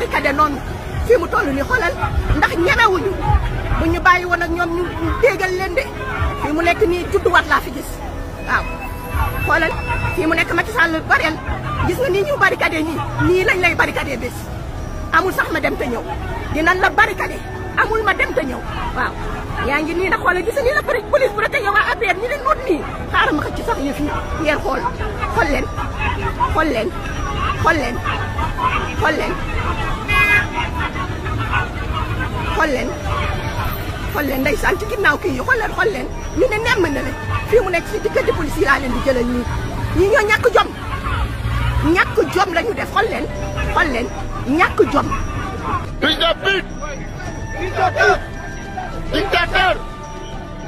barricade noonu mu toll nii xoolal ndax ñemewuñu bu ñu bàyyi woon ak ñoom ñu déggal leen de fii mu nekk nii judduwaat laa fi gis waaw. xoolal fii mu nekk Macky Sall bareel gis nga nii ñu barricade ñii nii lañ lay barricade bés amul sax ma dem te ñëw dinañ la barricade amul ma dem te ñëw waaw. yaa ngi nii nag xoolal gis nii la pare police bu a tegee waa APR ñi leen noot nii xaaral ma xëcc sax yëf yi ngeen xool xool leen xool leen xool leen xool leen. xool leen ndeysaan ci ginnaaw kii yi xool leen xool leen ñu ne nemm na leen fii mu nekk si diggante police yi laa leen di jëlal nii ñoo ñàkk jom ñàkk jom la ñu def xool leen xool leen ñàkk jom dictateur dictateur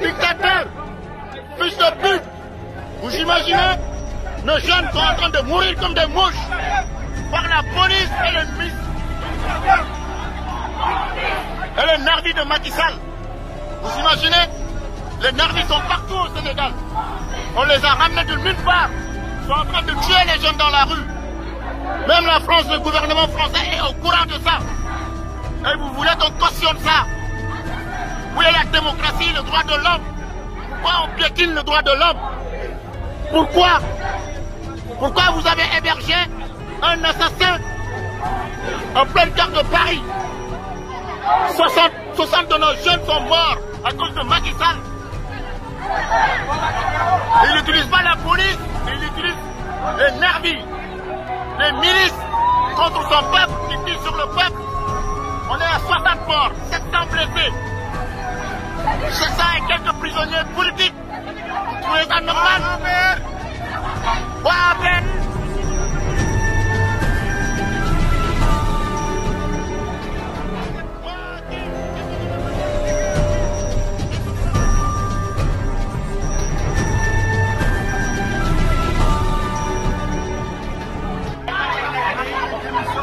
dictateur fils de pute vous imaginez nos jeunes sont en train de mourir comme des mouches par la police et le ministre et les nardis de Macky Vous imaginez Les narvis sont partout au Sénégal. On les a ramenés de nulle part. sont en train de tuer les jeunes dans la rue. Même la France, le gouvernement français est au courant de ça. Et vous voulez qu'on cautionne ça Vous voulez la démocratie, le droit de l'homme Pourquoi on piétine le droit de l'homme Pourquoi vous avez hébergé un assassin en pleine carte de Paris 60, de nos jeunes sont morts à cause de Macky Sall. Il n'utilise pas la police, mais il utilise les nervis, les milices contre son peuple, qui tirent sur le peuple. On est à 60 morts, 700 blessés. 700 et quelques prisonniers politiques. Vous trouvez ça normal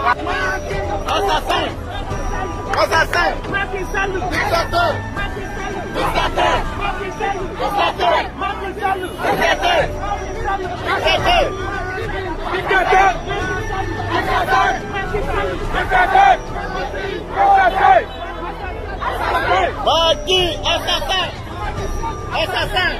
Assassin Assassin Macky Sall dictateur dictateur Macky Sall dictateur Macky Sall dictateur dictateur dictateur dictateur dictateur dictateur Macky assassin assassin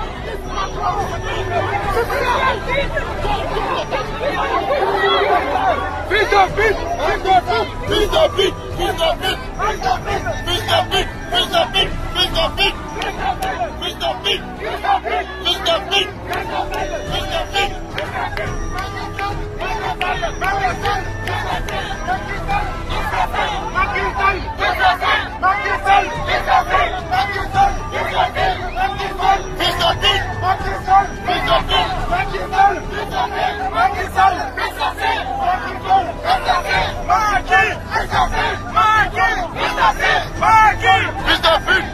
Mr. Big, Mr. Big, Mr. Big, Mr. Big, Mr. Big, Mr. Big, Mr. Big, Mr. Big. Parking! Bis dafür! Parking! Bis dafür!